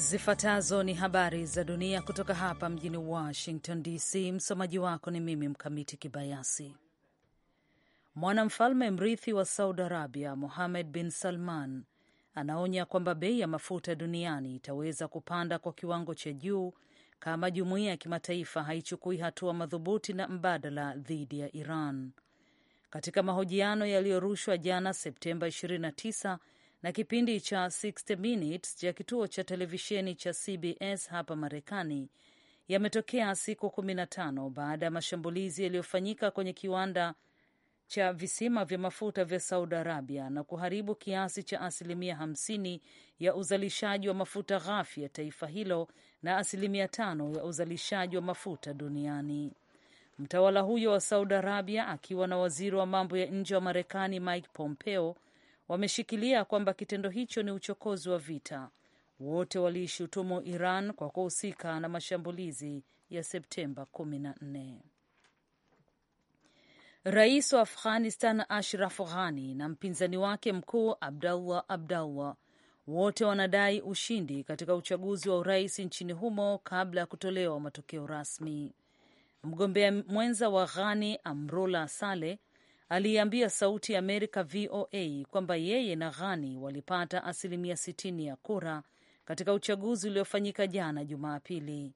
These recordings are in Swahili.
Zifuatazo ni habari za dunia kutoka hapa mjini Washington DC. Msomaji wako ni mimi Mkamiti Kibayasi. Mwanamfalme mrithi wa Saudi Arabia Mohammed bin Salman anaonya kwamba bei ya mafuta duniani itaweza kupanda kwa kiwango cha juu kama jumuiya ya kimataifa haichukui hatua madhubuti na mbadala dhidi ya Iran. Katika mahojiano yaliyorushwa jana Septemba 29 na kipindi cha 60 Minutes cha kituo cha televisheni cha CBS hapa Marekani yametokea siku 15 baada ya mashambulizi yaliyofanyika kwenye kiwanda cha visima vya mafuta vya Saudi Arabia na kuharibu kiasi cha asilimia 50 ya uzalishaji wa mafuta ghafi ya taifa hilo na asilimia tano ya uzalishaji wa mafuta duniani. Mtawala huyo wa Saudi Arabia akiwa na waziri wa mambo ya nje wa Marekani Mike Pompeo wameshikilia kwamba kitendo hicho ni uchokozi wa vita. Wote waliishutumu Iran kwa kuhusika na mashambulizi ya Septemba 14. Rais wa Afghanistan Ashraf Ghani na mpinzani wake mkuu Abdallah Abdallah wote wanadai ushindi katika uchaguzi wa urais nchini humo kabla ya kutolewa matokeo rasmi. Mgombea mwenza wa Ghani Amrullah Saleh aliiambia Sauti ya Amerika VOA kwamba yeye na Ghani walipata asilimia 60 ya kura katika uchaguzi uliofanyika jana Jumapili.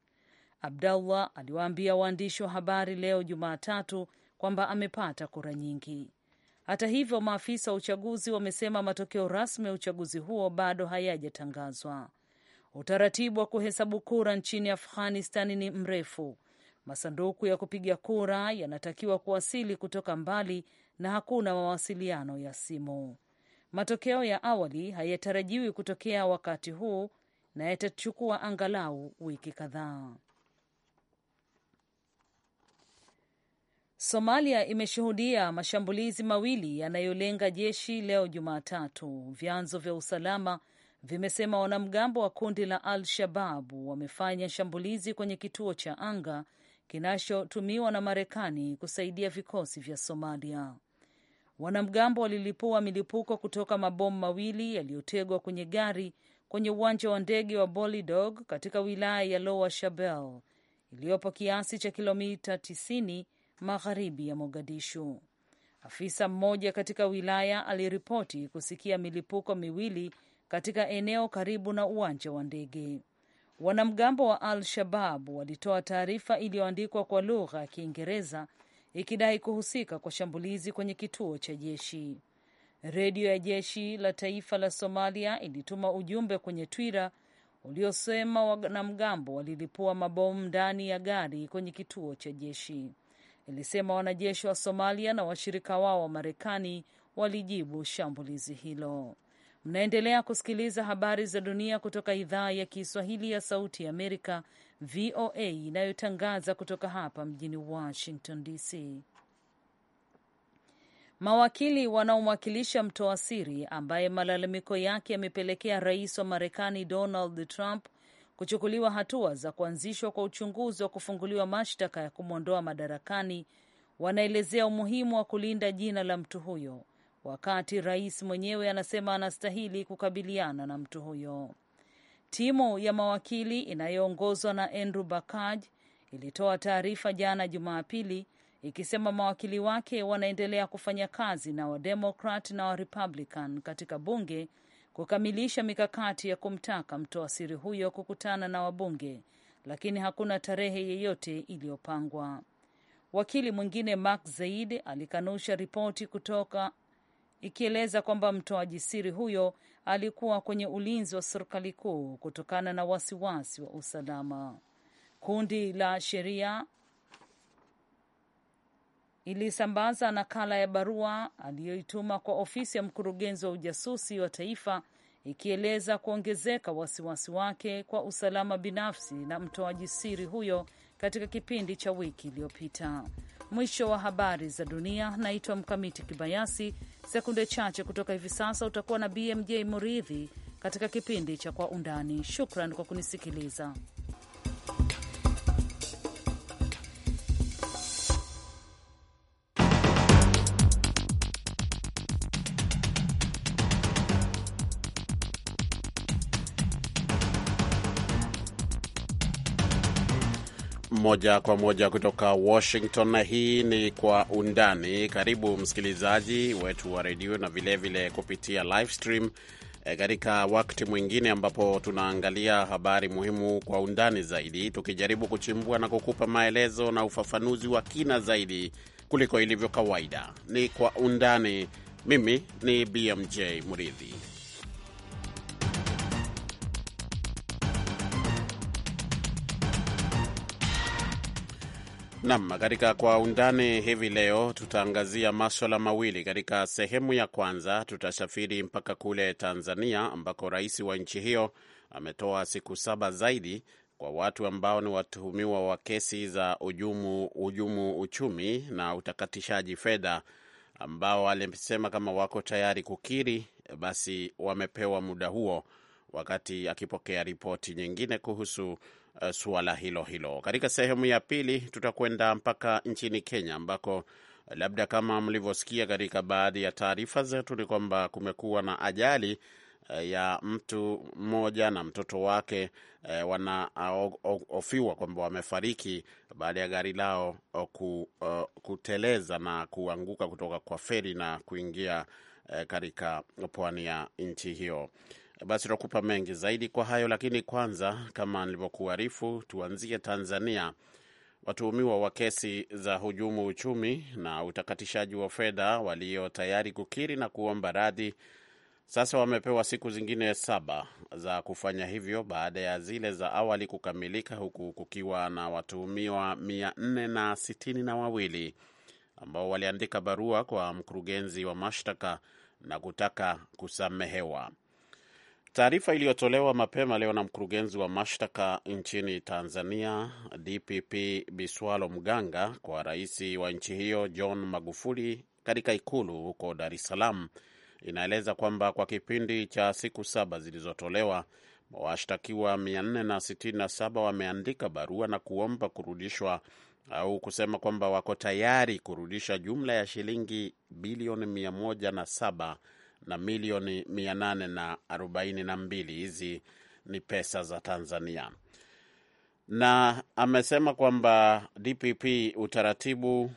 Abdallah aliwaambia waandishi wa habari leo Jumatatu kwamba amepata kura nyingi. Hata hivyo, maafisa wa uchaguzi wamesema matokeo rasmi ya uchaguzi huo bado hayajatangazwa. Utaratibu wa kuhesabu kura nchini Afghanistan ni mrefu. Masanduku ya kupiga kura yanatakiwa kuwasili kutoka mbali na hakuna mawasiliano ya simu. Matokeo ya awali hayatarajiwi kutokea wakati huu na yatachukua angalau wiki kadhaa. Somalia imeshuhudia mashambulizi mawili yanayolenga jeshi leo Jumatatu, vyanzo vya usalama vimesema. Wanamgambo wa kundi la Al-Shababu wamefanya shambulizi kwenye kituo cha anga kinachotumiwa na Marekani kusaidia vikosi vya Somalia. Wanamgambo walilipua milipuko kutoka mabomu mawili yaliyotegwa kwenye gari kwenye uwanja wa ndege wa Bolidog katika wilaya ya Lower Shabelle iliyopo kiasi cha kilomita 90 magharibi ya Mogadishu. Afisa mmoja katika wilaya aliripoti kusikia milipuko miwili katika eneo karibu na uwanja wa ndege. Wanamgambo wa Al Shabab walitoa taarifa iliyoandikwa kwa lugha ya Kiingereza ikidai kuhusika kwa shambulizi kwenye kituo cha jeshi. Redio ya jeshi la taifa la Somalia ilituma ujumbe kwenye Twitter uliosema wanamgambo walilipua mabomu ndani ya gari kwenye kituo cha jeshi. Ilisema wanajeshi wa Somalia na washirika wao wa Marekani walijibu shambulizi hilo. Mnaendelea kusikiliza habari za dunia kutoka idhaa ya Kiswahili ya Sauti ya Amerika VOA inayotangaza kutoka hapa mjini Washington DC. Mawakili wanaomwakilisha mtoa siri ambaye malalamiko yake yamepelekea rais wa Marekani Donald Trump kuchukuliwa hatua za kuanzishwa kwa uchunguzi wa kufunguliwa mashtaka ya kumwondoa madarakani wanaelezea umuhimu wa kulinda jina la mtu huyo, wakati rais mwenyewe anasema anastahili kukabiliana na mtu huyo. Timu ya mawakili inayoongozwa na Andrew Bakaj ilitoa taarifa jana Jumapili ikisema mawakili wake wanaendelea kufanya kazi na Wademokrat na Warepublican katika bunge kukamilisha mikakati ya kumtaka mtoa siri huyo kukutana na wabunge, lakini hakuna tarehe yeyote iliyopangwa. Wakili mwingine Mark Zaid alikanusha ripoti kutoka ikieleza kwamba mtoaji siri huyo alikuwa kwenye ulinzi wa serikali kuu kutokana na wasiwasi wa usalama. Kundi la sheria ilisambaza nakala ya barua aliyoituma kwa ofisi ya mkurugenzi wa ujasusi wa taifa ikieleza kuongezeka wasiwasi wake kwa usalama binafsi na mtoaji siri huyo katika kipindi cha wiki iliyopita. Mwisho wa habari za dunia. Naitwa Mkamiti Kibayasi. Sekunde chache kutoka hivi sasa utakuwa na BMJ Muridhi katika kipindi cha Kwa Undani. Shukran kwa kunisikiliza. moja kwa moja kutoka Washington, na hii ni Kwa Undani. Karibu msikilizaji wetu wa redio na vilevile vile kupitia live stream eh, katika wakati mwingine ambapo tunaangalia habari muhimu kwa undani zaidi, tukijaribu kuchimbua na kukupa maelezo na ufafanuzi wa kina zaidi kuliko ilivyo kawaida. Ni Kwa Undani. Mimi ni BMJ Muridhi. Nam, katika kwa undani hivi leo tutaangazia maswala mawili. Katika sehemu ya kwanza tutasafiri mpaka kule Tanzania ambako rais wa nchi hiyo ametoa siku saba zaidi kwa watu ambao ni watuhumiwa wa kesi za ujumu, ujumu uchumi na utakatishaji fedha ambao alisema kama wako tayari kukiri basi wamepewa muda huo, wakati akipokea ripoti nyingine kuhusu Eh, suala hilo hilo. Katika sehemu ya pili tutakwenda mpaka nchini Kenya ambako eh, labda kama mlivyosikia katika baadhi ya taarifa zetu ni kwamba kumekuwa na ajali eh, ya mtu mmoja na mtoto wake wanaofiwa kwamba wamefariki baada ya gari lao kuteleza na kuanguka kutoka kwa feri na kuingia katika pwani ya nchi hiyo. Basi tutakupa mengi zaidi kwa hayo, lakini kwanza, kama nilivyokuarifu, tuanzie Tanzania. Watuhumiwa wa kesi za hujumu uchumi na utakatishaji wa fedha walio tayari kukiri na kuomba radhi sasa wamepewa siku zingine saba za kufanya hivyo baada ya zile za awali kukamilika, huku kukiwa na watuhumiwa mia nne na sitini na wawili ambao waliandika barua kwa mkurugenzi wa mashtaka na kutaka kusamehewa. Taarifa iliyotolewa mapema leo na mkurugenzi wa mashtaka nchini Tanzania, DPP Biswalo Mganga, kwa rais wa nchi hiyo John Magufuli katika ikulu huko Dar es Salaam inaeleza kwamba kwa kipindi cha siku saba zilizotolewa washtakiwa 467 wameandika barua na kuomba kurudishwa au kusema kwamba wako tayari kurudisha jumla ya shilingi bilioni 107 na milioni 842. Hizi ni pesa za Tanzania, na amesema kwamba DPP utaratibu uh,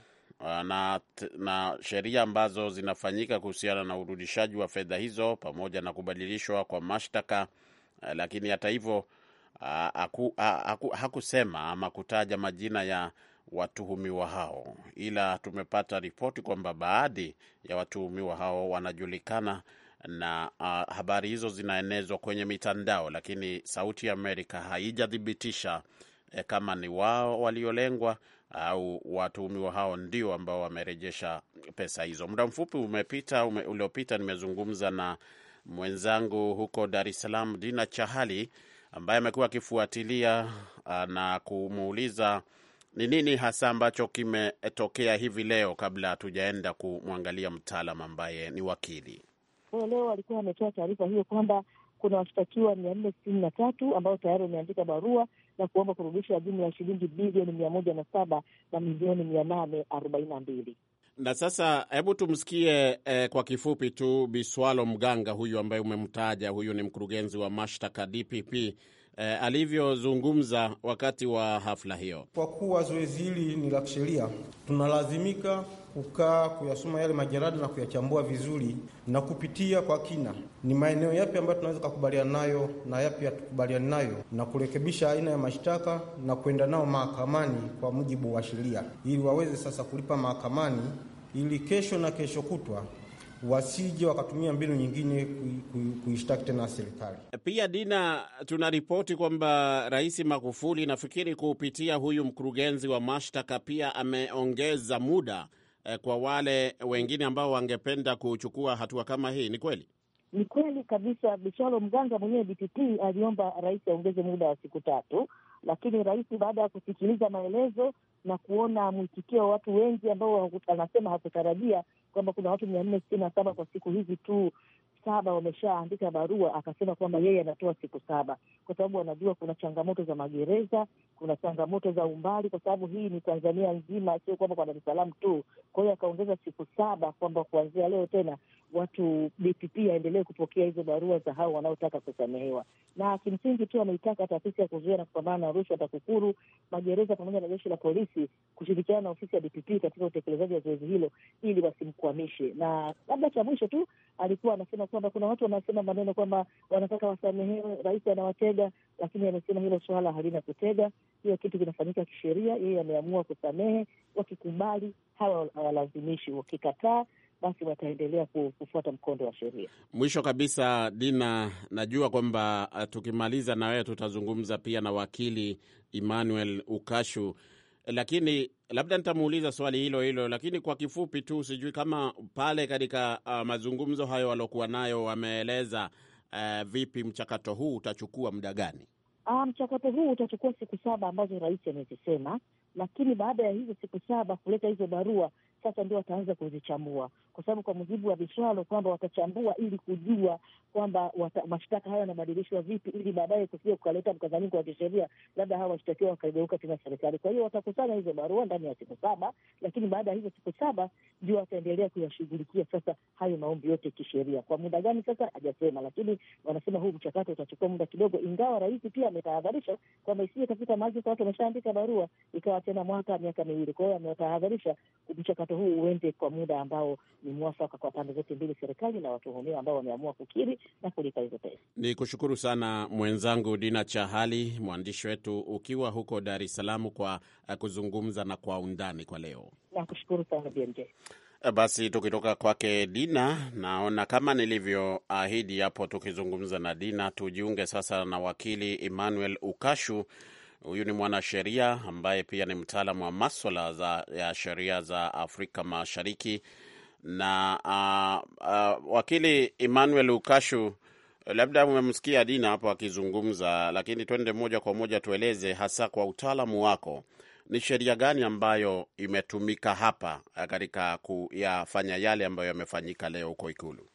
na, na sheria ambazo zinafanyika kuhusiana na urudishaji wa fedha hizo pamoja na kubadilishwa kwa mashtaka, uh, lakini hata hivyo uh, hakusema ama kutaja majina ya watuhumiwa hao, ila tumepata ripoti kwamba baadhi ya watuhumiwa hao wanajulikana na uh, habari hizo zinaenezwa kwenye mitandao, lakini Sauti ya Amerika haijathibitisha eh, kama ni wao waliolengwa au watuhumiwa hao ndio ambao wamerejesha pesa hizo. Muda mfupi umepita ume, uliopita nimezungumza na mwenzangu huko Dar es Salaam Dina Chahali ambaye amekuwa akifuatilia ah, na kumuuliza ni nini hasa ambacho kimetokea hivi leo, kabla hatujaenda kumwangalia mtaalam ambaye ni wakili? Kwa eh, leo walikuwa wametoa taarifa hiyo kwamba kuna washtakiwa mia nne sitini na tatu ambao tayari wameandika barua na kuomba kurudisha jumla ya shilingi bilioni mia moja na saba na milioni mia nane arobaini na mbili na sasa hebu tumsikie eh, kwa kifupi tu Biswalo Mganga, huyu ambaye umemtaja, huyu ni mkurugenzi wa mashtaka DPP, eh, alivyozungumza wakati wa hafla hiyo. Kwa kuwa zoezi hili ni la kisheria, tunalazimika kukaa kuyasoma yale majarada na kuyachambua vizuri na kupitia kwa kina, ni maeneo yapi ambayo tunaweza kukubaliana nayo na yapi hatukubaliani nayo, na kurekebisha aina ya mashtaka na kwenda nao mahakamani kwa mujibu wa sheria, ili waweze sasa kulipa mahakamani, ili kesho na kesho kutwa wasije wakatumia mbinu nyingine kuishtaki tena serikali. Pia Dina, tunaripoti kwamba Rais Magufuli nafikiri kupitia huyu mkurugenzi wa mashtaka pia ameongeza muda eh, kwa wale wengine ambao wangependa kuchukua hatua kama hii. Ni kweli, ni kweli kabisa. Bishalo Mganga mwenyewe btt aliomba rais aongeze muda wa siku tatu, lakini rais baada ya kusikiliza maelezo na kuona mwitikio wa watu wengi ambao anasema hakutarajia kwamba kuna watu mia nne sitini na saba kwa siku hizi tu saba wameshaandika barua, akasema kwamba yeye anatoa siku saba kwa sababu anajua kuna changamoto za magereza, kuna changamoto za umbali, kwa sababu hii ni Tanzania nzima, sio kwamba kwa Dar es Salaam tu. Kwa hiyo akaongeza siku saba kwamba kuanzia leo tena watu DPP aendelee kupokea hizo barua za hao wanaotaka kusamehewa, na kimsingi tu ameitaka taasisi ya kuzuia na kupambana na rushwa TAKUKURU, magereza pamoja na jeshi la polisi kushirikiana na ofisi ya DPP katika utekelezaji wa zoezi hilo ili wasimkwamishe. Na labda cha mwisho tu alikuwa anasema kwamba kuna watu wanasema maneno kwamba wanataka wasamehewe, rais anawatega, lakini amesema hilo suala halina kutega. Hiyo kitu kinafanyika kisheria, yeye ameamua kusamehe. Wakikubali hawa hawalazimishi, wakikataa basi wataendelea kufuata mkondo wa sheria. Mwisho kabisa, Dina, najua kwamba uh, tukimaliza na wewe tutazungumza pia na wakili Emmanuel Ukashu, lakini labda nitamuuliza swali hilo hilo, lakini kwa kifupi tu, sijui kama pale katika uh, mazungumzo hayo waliokuwa nayo wameeleza uh, vipi mchakato huu utachukua muda gani? Uh, mchakato huu utachukua siku saba ambazo rais amezisema, lakini baada ya hizo siku saba kuleta hizo barua sasa ndio wataanza kuzichambua, kwa sababu kwa mujibu wa viswalo kwamba watachambua ili kujua kwamba mashtaka hayo yanabadilishwa vipi, ili baadaye kusije kukaleta mkanganyiko wa kisheria, labda hawa washtakiwa wakageuka tena serikali. Kwa hiyo watakusanya hizo barua ndani ya siku saba, lakini baada ya hizo siku saba ndio wataendelea kuyashughulikia sasa hayo maombi yote kisheria. Kwa muda gani sasa hajasema, lakini wanasema huu mchakato utachukua muda kidogo, ingawa rais pia ametahadharisha kwamba isije kafika maji kwa watu wameshaandika barua ikawa tena mwaka, miaka miwili. Kwa hiyo mchakato huu uende kwa muda ambao ni mwafaka kwa pande zote mbili, serikali na watuhumiwa ambao wameamua kukiri na kulipa hizo pesa. Ni kushukuru sana mwenzangu Dina Chahali, mwandishi wetu ukiwa huko Dar es Salaam, kwa eh, kuzungumza na kwa undani kwa leo. Nakushukuru sana BMJ. Eh, basi tukitoka kwake Dina, naona kama nilivyoahidi hapo tukizungumza na Dina, tujiunge sasa na wakili Emmanuel Ukashu Huyu ni mwanasheria ambaye pia ni mtaalamu wa maswala ya sheria za Afrika Mashariki na uh, uh, wakili Emmanuel Ukashu, labda umemsikia Dina hapo akizungumza, lakini twende moja kwa moja tueleze hasa kwa utaalamu wako ni sheria gani ambayo imetumika hapa katika kuyafanya yale ambayo yamefanyika leo huko Ikulu?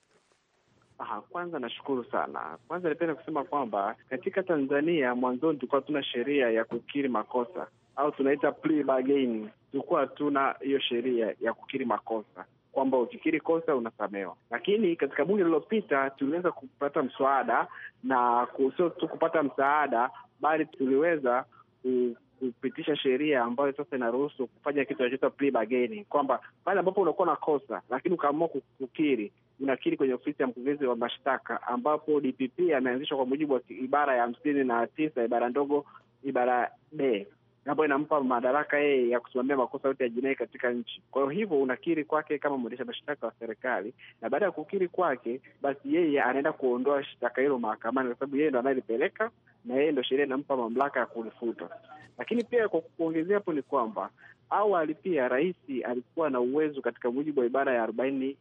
Aha, kwanza nashukuru sana. Kwanza nipenda kusema kwamba katika Tanzania mwanzoni tulikuwa tuna sheria ya kukiri makosa au tunaita plea bargain. Tulikuwa hatuna hiyo sheria ya kukiri makosa kwamba ukikiri kosa unasamewa, lakini katika bunge lililopita tuliweza kupata mswada na sio tu kupata msaada, bali tuliweza kupitisha sheria ambayo sasa inaruhusu kufanya kitu kinachoitwa plea bargaining, kwamba pale ambapo unakuwa na kosa lakini ukaamua kukiri, unakiri kwenye ofisi ya mkurugenzi wa mashtaka, ambapo DPP ameanzishwa kwa mujibu wa ibara ya hamsini na tisa ibara ndogo ibara b ambayo inampa madaraka yeye ya kusimamia makosa yote ya jinai katika nchi. Kwa hiyo hivyo unakiri kwake kama mwendesha mashtaka wa serikali, na baada ya kukiri kwake, basi yeye anaenda kuondoa shtaka hilo mahakamani, kwa sababu yeye ndo anayelipeleka na yeye ndo sheria inampa mamlaka ya kulifuta. Lakini pia kwa kuongezea hapo ni kwamba awali pia rais alikuwa na uwezo katika mujibu wa ibara ya arobaini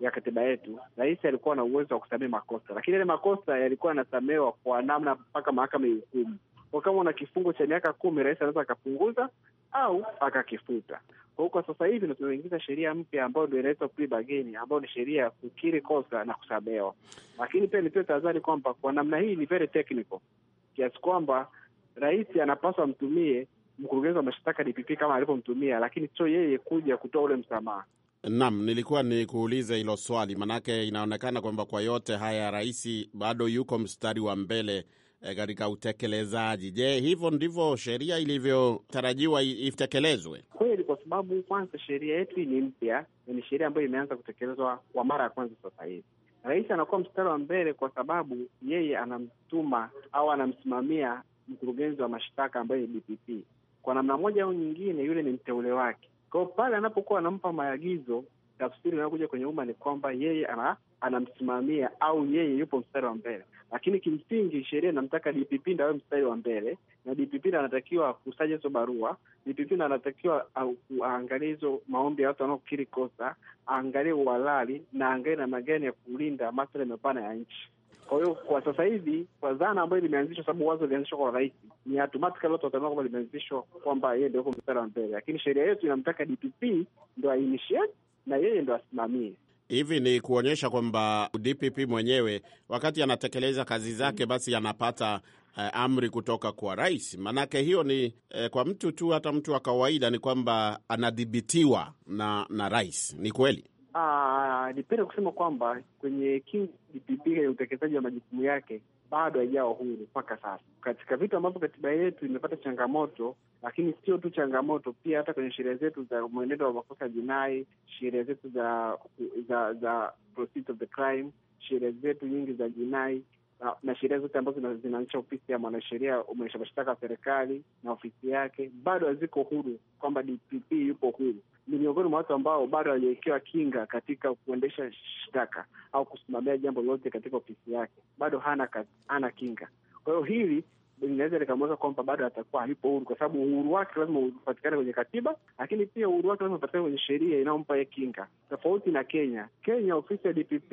ya katiba yetu, rais alikuwa na uwezo wa kusamehe makosa, lakini yale makosa yalikuwa yanasamehewa kwa namna mpaka mahakama ihukumu. Kwa kama una kifungo cha miaka kumi, rais anaweza akapunguza au akakifuta. Kwa hiyo kwa sasa hivi tunaingiza sheria mpya ambayo ndio inaitwa plea bargain, ambayo ni sheria ya kukiri kosa na kusamehewa. Lakini pia nitoe tahadhari kwamba kwa namna hii ni very technical kiasi kwamba rais anapaswa amtumie mkurugenzi wa mashtaka DPP kama alivyomtumia, lakini sio yeye kuja kutoa ule msamaha. Naam, nilikuwa ni kuulize hilo swali, manake inaonekana kwamba kwa yote haya rais bado yuko mstari wa mbele eh, katika e, utekelezaji. Je, hivyo ndivyo sheria ilivyotarajiwa itekelezwe kweli? Kwa sababu kwanza sheria yetu ni mpya, ni sheria ambayo imeanza kutekelezwa kwa mara ya kwanza sasa hivi. Rais anakuwa mstari wa mbele kwa sababu yeye anamtuma au anamsimamia mkurugenzi wa mashtaka ambaye ni DPP. Kwa namna moja au nyingine, yule ni mteule wake kwa pale anapokuwa anampa maagizo, tafsiri inayokuja kwenye umma ni kwamba yeye ana, anamsimamia au yeye yupo mstari wa mbele, lakini kimsingi sheria inamtaka DPP ndio awe mstari wa mbele, na DPP ndio anatakiwa kusaja hizo barua. DPP ndio anatakiwa aangalie hizo maombi ya watu wanaokiri kosa, aangalie uhalali na aangalie namna gani ya kulinda maslahi mapana ya nchi. Kwa hiyo kwa sasa hivi kwa dhana ambayo limeanzishwa, sababu wazo lilianzishwa kwa rais, ni automatically watu wataona kwamba limeanzishwa kwamba yeye ndio yuko mstari wa mbele, lakini sheria yetu inamtaka DPP ndo ainitiate na yeye ndo asimamie. Hivi ni kuonyesha kwamba DPP mwenyewe wakati anatekeleza kazi zake, basi anapata uh, amri kutoka kwa rais. Maanake hiyo ni uh, kwa mtu tu, hata mtu wa kawaida, ni kwamba anadhibitiwa na na rais. Ni kweli Ah, nipende kusema kwamba kwenye KUPP ya utekelezaji wa majukumu yake bado haijawa huru mpaka sasa, katika vitu ambavyo katiba yetu imepata changamoto. Lakini sio tu changamoto, pia hata kwenye sheria zetu za mwenendo wa makosa jinai, sheria zetu za za za proceeds of the crime, sheria zetu nyingi za jinai na, na sheria zote ambazo zinaanisha ofisi ya mwanasheria umeisha mashtaka wa serikali na ofisi yake bado haziko huru, kwamba DPP yupo huru ni miongoni mwa watu ambao bado hawajawekewa kinga katika kuendesha shtaka au kusimamia jambo lolote katika ofisi yake, bado hana, hana kinga. Kwa hiyo hili linaweza likamweza kwamba bado atakuwa alipo huru, kwa sababu uhuru wake lazima upatikane kwenye katiba, lakini pia uhuru wake lazima upatikane kwenye sheria inayompa kinga, tofauti na Kenya. Kenya ofisi ya DPP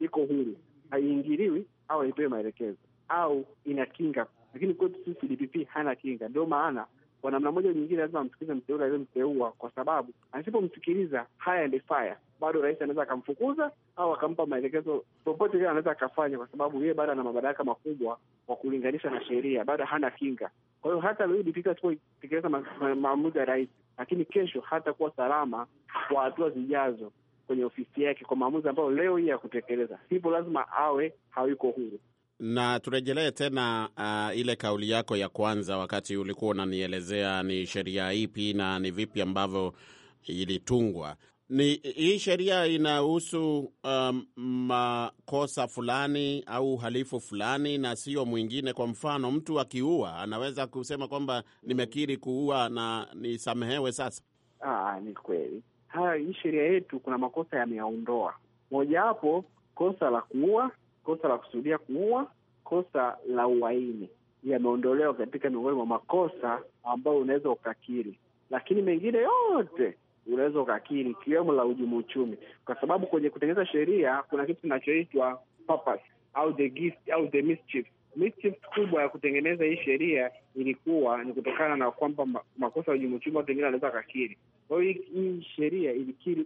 iko huru, haiingiliwi au haipewi maelekezo au ina kinga, lakini kwetu sisi DPP hana kinga, ndio maana kwa namna moja nyingine lazima amsikilize mteule aliyemteua, kwa sababu asipomsikiliza haya ndefaya bado rais anaweza akamfukuza au akampa maelekezo popote vile anaweza akafanya, kwa sababu yeye bado ana madaraka makubwa kwa kulinganisha na sheria, bado hana kinga. Kwa hiyo hata leo asipotekeleza maamuzi ya rais, lakini kesho hatakuwa salama kwa hatua zijazo kwenye ofisi yake, kwa maamuzi ambayo leo hii ya kutekeleza. Hivyo lazima awe hayuko huru na turejelee tena uh, ile kauli yako ya kwanza wakati ulikuwa unanielezea ni sheria ipi na ni vipi ambavyo ilitungwa. Ni hii sheria inahusu um, makosa fulani au uhalifu fulani na sio mwingine. Kwa mfano, mtu akiua anaweza kusema kwamba nimekiri kuua na nisamehewe. Sasa aa, ah, ni kweli haya, hii sheria yetu kuna makosa yameyaondoa, mojawapo kosa la kuua kosa la kusudia kuua, kosa la uhaini yameondolewa katika miongoni mwa makosa ambayo unaweza ukakiri, lakini mengine yote unaweza ukakiri, ikiwemo la hujumu uchumi, kwa sababu kwenye kutengeneza sheria kuna kitu kinachoitwa purpose au the gist au the mischief. Mischief kubwa ya kutengeneza hii sheria ilikuwa ni kutokana na kwamba makosa ya uhujumu uchumi watu wengine wanaweza wakakiri. Kwa hiyo hii sheria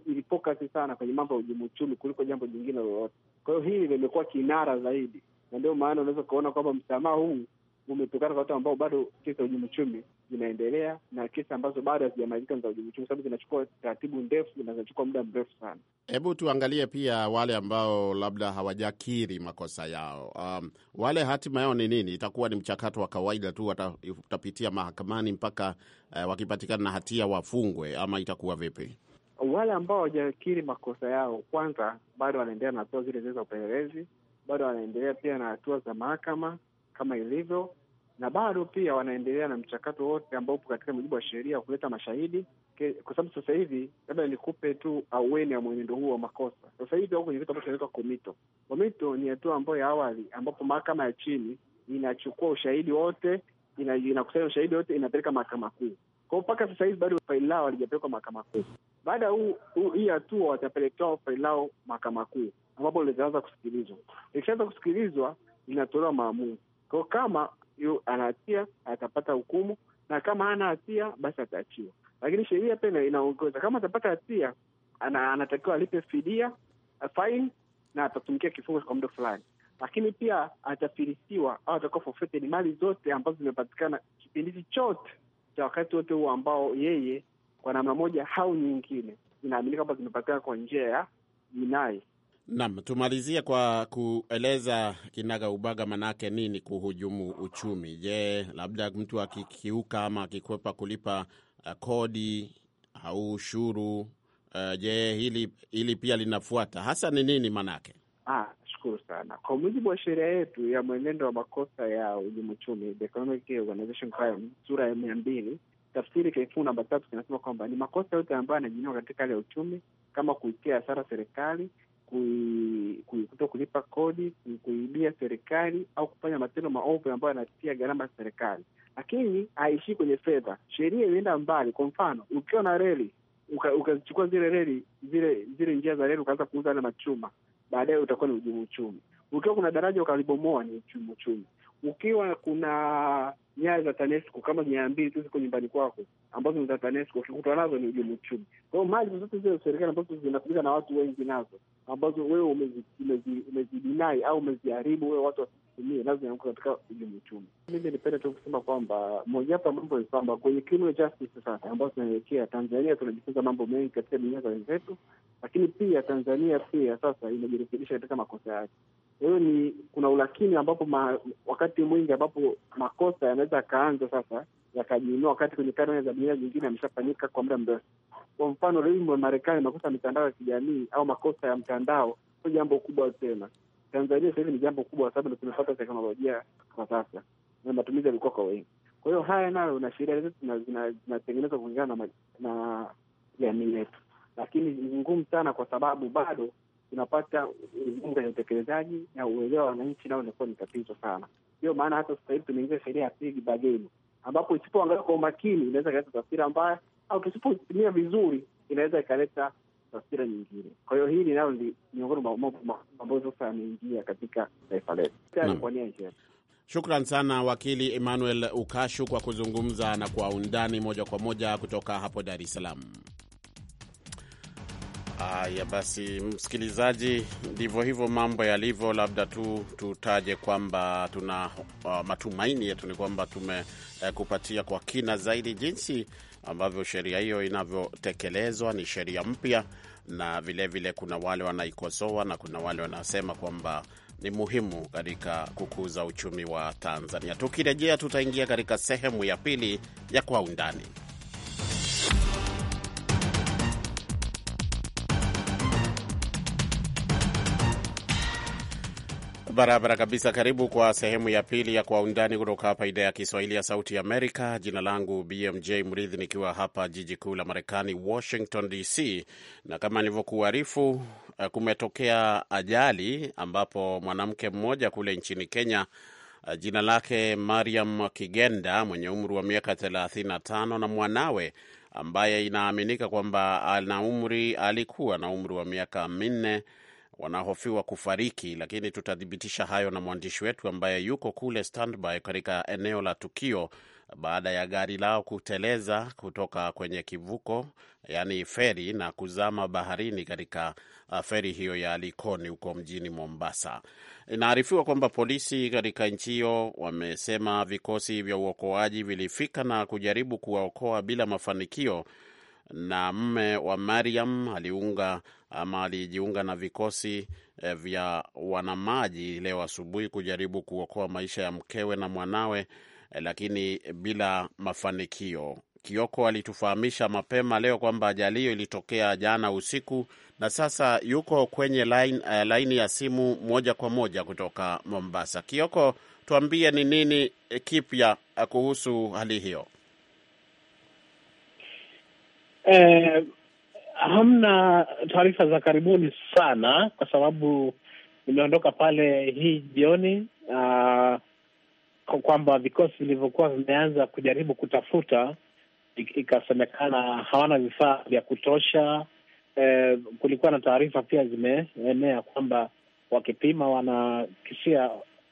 ilifokasi sana kwenye mambo ya hujumu uchumi kuliko jambo jingine lolote. Kwa hiyo hili limekuwa kinara zaidi, na ndio maana unaweza ukaona kwamba msamaha huu umetokana kwa watu ambao bado kesi za uhujumu zinaendelea na kesi ambazo bado hazijamalizika za uhujumu uchumi, sababu zinachukua taratibu ndefu na zinachukua muda mrefu sana. Hebu tuangalie pia wale ambao labda hawajakiri makosa yao. Um, wale hatima yao ni nini? Itakuwa ni mchakato wa kawaida tu, watapitia mahakamani mpaka uh, wakipatikana na hatia wafungwe, ama itakuwa vipi? Wale ambao hawajakiri makosa yao, kwanza, bado wanaendelea na hatua zile zile za upelelezi, bado wanaendelea pia na hatua za mahakama kama ilivyo, na bado pia wanaendelea na mchakato wote ambao upo katika mujibu wa sheria wa kuleta mashahidi, kwa sababu sasa hivi, labda nikupe tu aueni ya mwenendo huo wa makosa. Sasa hivi wako kwenye kitu ambacho inaitwa komito. Komito ni hatua ambayo ya awali, ambapo mahakama ya chini inachukua ushahidi wote, inakusanya ushahidi wote, inapeleka mahakama kuu. Kwa hiyo mpaka sasa hivi bado faili lao halijapelekwa mahakama kuu. Baada ya hii hatua, watapelekewa faili lao mahakama kuu, ambapo litaanza kusikilizwa. Ikishaanza kusikilizwa, linatolewa maamuzi kwao. Kama yu anahatia atapata hukumu, na kama hana hatia, basi ataachiwa. Lakini sheria pia inaongoza, kama atapata hatia, ana, anatakiwa alipe fidia faini na atatumikia kifungo kwa muda fulani, lakini pia atafilisiwa au atakuwa forfeited mali zote ambazo zimepatikana kipindi chote cha wakati wote huo ambao yeye kwa namna moja au nyingine zinaaminika kwamba zimepatikana kwa njia ya jinai. Naam, tumalizie kwa kueleza kinaga ubaga manake nini kuhujumu uchumi. Je, labda mtu akikiuka ama akikwepa kulipa uh, kodi au ushuru uh, je, hili hili pia linafuata hasa ni nini manake? Ah, shukuru sana. Kwa mujibu wa sheria yetu ya mwenendo wa makosa ya uhujumu uchumi, the Economic Organization Crime, sura ya mia mbili tafsiri kifungu namba tatu kinasema kwamba ni makosa yote ambayo yanajiinua katika hali ya uchumi kama kuitia hasara serikali, kuto kulipa kodi, kuibia serikali au kufanya matendo maovu ambayo yanatia gharama ya serikali, lakini haishii kwenye fedha. Sheria imeenda mbali. Kwa mfano, ukiwa na reli ukachukua uka zile reli zile zile njia za reli ukaanza kuuza yale machuma, baadaye utakuwa ni ujumu uchumi. Ukiwa kuna daraja ukalibomoa, ni uchumi uchumi. Ukiwa kuna nyaya za TANESCO kama mia mbili tu ziko nyumbani kwako ambazo ni za TANESCO, ukikutwa nazo ni ujumu uchumi. Kwa hiyo mali zote zile za serikali ambazo zinatumika na watu wengi nazo ambazo wewe umezidinai au umeziharibu wewe watu wasitumie, nazo zinaanguka katika ujumu uchumi. Mimi nipende tu kusema kwamba mojawapo ya mambo ni kwamba kwenye criminal justice sasa ambazo tunaelekea Tanzania, tunajifunza mambo mengi katika dunia za wenzetu, lakini pia Tanzania pia sasa inajirekebisha katika makosa yake. Kwa hiyo ni kuna ulakini ambapo ma, wakati mwingi ambapo makosa yana anaweza akaanza sasa yakajiinua wakati kwenye karne za dunia zingine ameshafanyika kwa muda mrefu. Kwa mfano Marekani, makosa ya mitandao ya kijamii au makosa ya mtandao sio jambo kubwa tena. Tanzania sasa hivi ni jambo kubwa, sababu ndio tumepata teknolojia kwa sasa na matumizi yalikuwa kwa wengi. Kwa hiyo haya nayo na sheria zetu zinatengenezwa kulingana na jamii yetu, lakini ni ngumu sana, kwa sababu bado tunapata nguvu ya utekelezaji na uelewa wananchi nao inakuwa ni tatizo sana. Ndio maana hata sasa hivi tumeingia sheria ya pig bargaining, ambapo isipoangalia kwa umakini inaweza ikaleta taswira mbaya, au tusipotumia vizuri inaweza ikaleta taswira nyingine. Kwa hiyo hili nalo ni miongoni mwa mambo ambayo sasa yameingia katika taifa letu kwa nia njema. Shukran sana wakili Emmanuel Ukashu kwa kuzungumza na kwa undani moja kwa moja kutoka hapo Dar es Salaam. Haya basi, msikilizaji, ndivyo hivyo mambo yalivyo. Labda tu tutaje kwamba tuna uh, matumaini yetu ni kwamba tumekupatia eh, uh, kwa kina zaidi jinsi ambavyo sheria hiyo inavyotekelezwa. Ni sheria mpya, na vilevile vile kuna wale wanaikosoa na kuna wale wanasema kwamba ni muhimu katika kukuza uchumi wa Tanzania. Tukirejea tutaingia katika sehemu ya pili ya kwa undani. barabara kabisa. Karibu kwa sehemu ya pili ya Kwa Undani kutoka hapa idhaa ya Kiswahili ya Sauti ya Amerika. Jina langu BMJ Mridhi, nikiwa hapa jiji kuu la Marekani, Washington DC, na kama nilivyokuarifu, eh, kumetokea ajali ambapo mwanamke mmoja kule nchini Kenya eh, jina lake Mariam Kigenda mwenye umri wa miaka 35 na mwanawe ambaye inaaminika kwamba ana umri alikuwa na umri wa miaka minne wanahofiwa kufariki, lakini tutathibitisha hayo na mwandishi wetu ambaye yuko kule standby katika eneo la tukio baada ya gari lao kuteleza kutoka kwenye kivuko, yaani feri, na kuzama baharini katika uh, feri hiyo ya Likoni huko mjini Mombasa. Inaarifiwa kwamba polisi katika nchi hiyo wamesema vikosi vya uokoaji vilifika na kujaribu kuwaokoa bila mafanikio na mme wa Mariam aliunga ama alijiunga na vikosi eh, vya wanamaji leo asubuhi kujaribu kuokoa maisha ya mkewe na mwanawe, eh, lakini bila mafanikio. Kioko alitufahamisha mapema leo kwamba ajali hiyo ilitokea jana usiku na sasa yuko kwenye line, uh, eh, laini ya simu moja kwa moja kutoka Mombasa. Kioko, tuambie ni nini kipya kuhusu hali hiyo? eh, hamna taarifa za karibuni sana, kwa sababu nimeondoka pale hii jioni uh, kwamba vikosi vilivyokuwa vimeanza kujaribu kutafuta ikasemekana hawana vifaa vya kutosha. Eh, kulikuwa na taarifa pia zimeenea kwamba wakipima wanakisia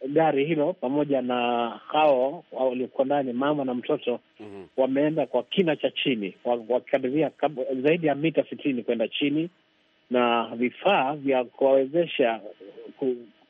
gari hilo pamoja na hao waliokuwa ndani, mama na mtoto mm -hmm. wameenda kwa kina cha chini wakikadiria zaidi ya mita sitini kwenda chini, na vifaa vya kuwawezesha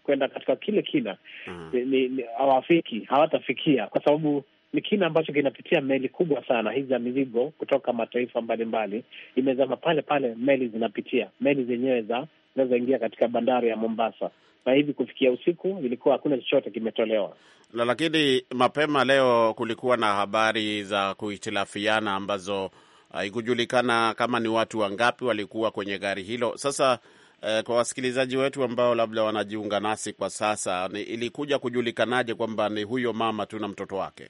kwenda katika kile kina mm -hmm. hawafiki, hawatafikia kwa sababu ni kina ambacho kinapitia meli kubwa sana hizi za mizigo kutoka mataifa mbalimbali. Imezama pale pale meli zinapitia, meli zenyewe za zinazoingia katika bandari ya Mombasa na hivi kufikia usiku ilikuwa hakuna chochote kimetolewa. La, lakini mapema leo kulikuwa na habari za kuhitilafiana ambazo uh, haikujulikana kama ni watu wangapi walikuwa kwenye gari hilo. Sasa eh, kwa wasikilizaji wetu ambao labda wanajiunga nasi kwa sasa, ni ilikuja kujulikanaje kwamba ni huyo mama tu na mtoto wake?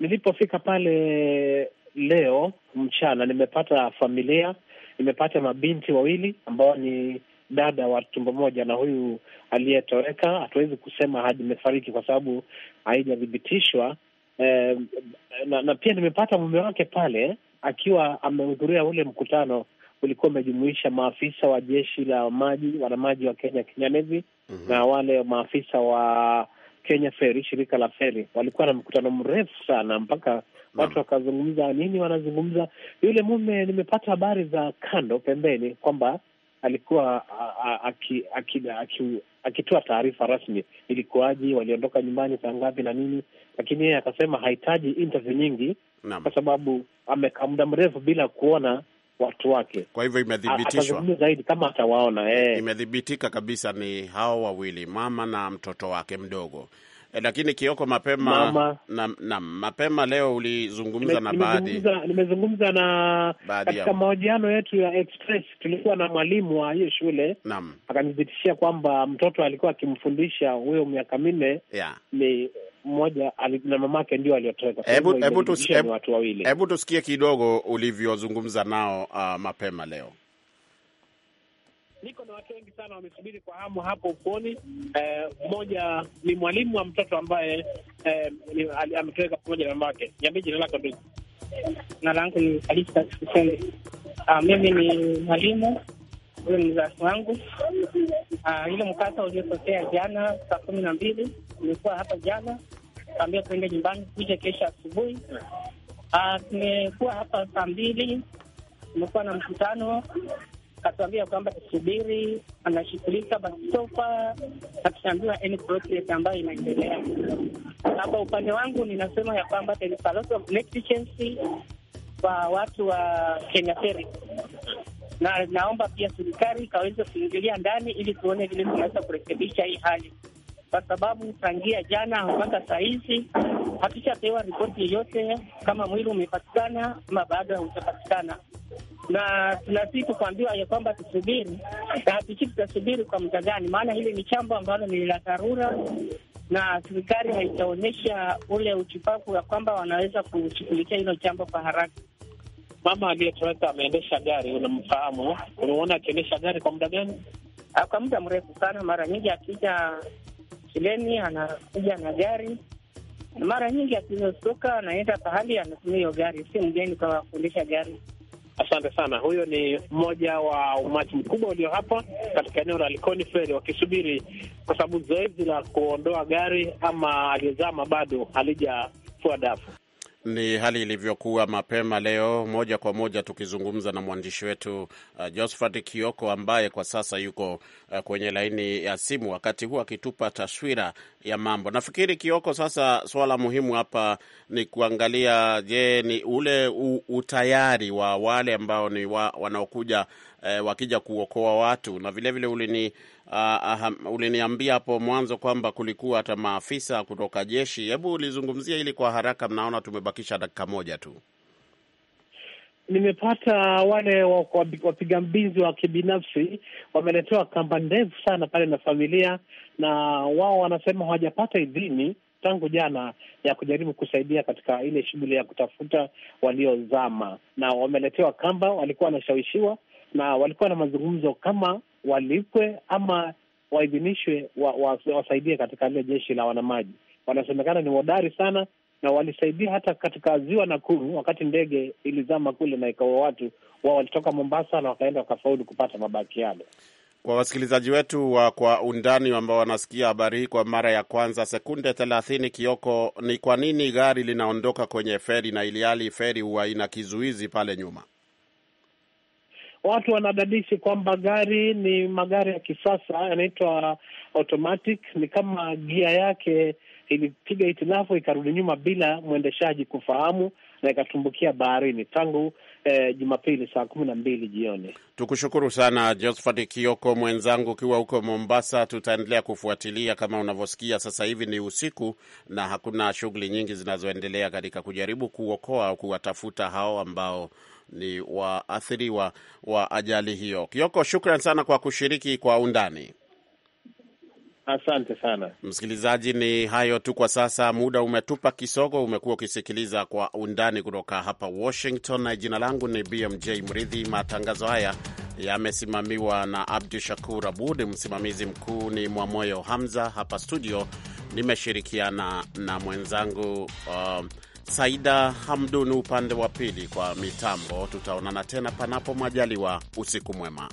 Nilipofika pale leo mchana, nimepata familia, nimepata mabinti wawili ambao ni dada wa tumbo moja na huyu aliyetoweka, hatuwezi kusema hadi imefariki kwa sababu haijathibitishwa. E, na, na pia nimepata mume wake pale akiwa amehudhuria ule mkutano ulikuwa umejumuisha maafisa wa jeshi la maji wanamaji wa Kenya, Kenya mm -hmm. na wale maafisa wa Kenya feri shirika la feri. Walikuwa na mkutano mrefu sana mpaka mm watu wakazungumza nini, wanazungumza yule mume. Nimepata habari za kando pembeni kwamba alikuwa akitoa taarifa rasmi, ilikuwaje, waliondoka nyumbani saa ngapi na nini, lakini yeye akasema hahitaji interview nyingi kwa sababu amekaa muda mrefu bila kuona watu wake, kwa hivyo imethibitishwa zaidi kama atawaona eh. Imethibitika kabisa ni hao wawili, mama na mtoto wake mdogo. Eh, lakini Kioko, mapema na, na mapema leo ulizungumza na baadhi, nimezungumza na katika mahojiano yetu ya Express tulikuwa na mwalimu wa hiyo shule akanithibitishia kwamba mtoto alikuwa akimfundisha huyo miaka minne yeah. ni mmoja na mamake ndio aliyotoweka. Hebu tusikie kidogo ulivyozungumza nao uh, mapema leo niko na watu wengi sana wamesubiri kwa hamu hapo ufuoni. Eh, mmoja eh, ni mwalimu wa mtoto ambaye eh, ametoweka pamoja na mamake. Niambie jina lako ndugu. Jina langu ni Alisa Kisende. Ah, mimi ni mwalimu, huyo ni mzazi wangu. Ah, ile mkasa uliotokea jana saa kumi na mbili nilikuwa hapa jana, kaambia tuende nyumbani kuja kesho asubuhi. Ah, tumekuwa hapa saa mbili, tumekuwa na mkutano katuambia kwamba tusubiri, anashughulika bastofa, akishambiwa any progress ambayo inaendelea. Na kwa upande wangu ninasema ya kwamba there is a lot of negligence kwa watu wa Kenya Ferry, na naomba pia serikali ikaweze kuingilia ndani ili tuone vile tunaweza kurekebisha hii hali, kwa sababu tangia jana mpaka saa hizi hatujapewa ripoti yoyote kama mwili umepatikana ama bado haujapatikana na tuna siku kuambiwa ya kwamba tusubiri, na hatuchi, tutasubiri kwa muda gani, maana hili ni jambo ambalo ni la dharura na serikali haijaonyesha ule uchupavu ya kwamba wanaweza kushughulikia hilo jambo kwa haraka. Mama aliyetoweka ameendesha gari, unamfahamu? Umeona akiendesha gari kwa muda gani? Ah, kwa muda mrefu sana. Mara nyingi akija shuleni anakuja na gari, mara nyingi akizosuka anaenda pahali anatumia hiyo gari. Si mgeni kwa kuendesha gari. Asante sana. Huyo ni mmoja wa umati mkubwa ulio hapa katika eneo la Likoni feri wakisubiri, kwa sababu zoezi la kuondoa gari ama aliyezama bado halijafua dafu ni hali ilivyokuwa mapema leo, moja kwa moja tukizungumza na mwandishi wetu uh, Josephat Kioko ambaye kwa sasa yuko uh, kwenye laini ya simu, wakati huu akitupa taswira ya mambo. Nafikiri Kioko, sasa swala muhimu hapa ni kuangalia, je, ni ule u, utayari wa wale ambao ni wa, wanaokuja uh, wakija kuokoa watu na vilevile ulini uh, uliniambia hapo mwanzo kwamba kulikuwa hata maafisa kutoka jeshi. Hebu ulizungumzia hili kwa haraka, mnaona tumebakisha dakika moja tu. Nimepata wale wapiga mbizi wa kibinafsi wameletewa kamba ndefu sana pale na familia, na wao wanasema hawajapata idhini tangu jana ya kujaribu kusaidia katika ile shughuli ya kutafuta waliozama, na wameletewa kamba. Walikuwa wanashawishiwa na walikuwa na mazungumzo kama walipwe ama waidhinishwe wa, wa, wasaidie katika lile jeshi la wanamaji. Wanasemekana ni wodari sana na walisaidia hata katika ziwa Nakuru wakati ndege ilizama kule na ikaua watu. Wao walitoka Mombasa na wakaenda wakafaulu kupata mabaki yale. Kwa wasikilizaji wetu wa Kwa Undani ambao wanasikia habari hii kwa mara ya kwanza, sekunde thelathini, Kioko, ni kwa nini gari linaondoka kwenye feri na iliali feri huwa ina kizuizi pale nyuma? watu wanadadisi kwamba gari ni magari ya kisasa yanaitwa automatic, ni kama gia yake ilipiga hitilafu ikarudi nyuma bila mwendeshaji kufahamu na ikatumbukia baharini tangu eh, Jumapili saa kumi na mbili jioni. Tukushukuru sana Josephat Kioko mwenzangu, ukiwa huko Mombasa. Tutaendelea kufuatilia. Kama unavyosikia sasa hivi ni usiku na hakuna shughuli nyingi zinazoendelea katika kujaribu kuokoa au kuwatafuta hao ambao ni waathiriwa wa ajali hiyo. Kioko, shukran sana kwa kushiriki kwa undani. Asante sana msikilizaji. Ni hayo tu kwa sasa, muda umetupa kisogo. Umekuwa ukisikiliza kwa undani kutoka hapa Washington, na jina langu ni BMJ Mridhi. Matangazo haya yamesimamiwa na Abdu Shakur Abud, msimamizi mkuu ni Mwamoyo Hamza. Hapa studio nimeshirikiana na mwenzangu uh, Saida Hamdun upande wa pili kwa mitambo. Tutaonana tena panapo majaliwa. Usiku mwema.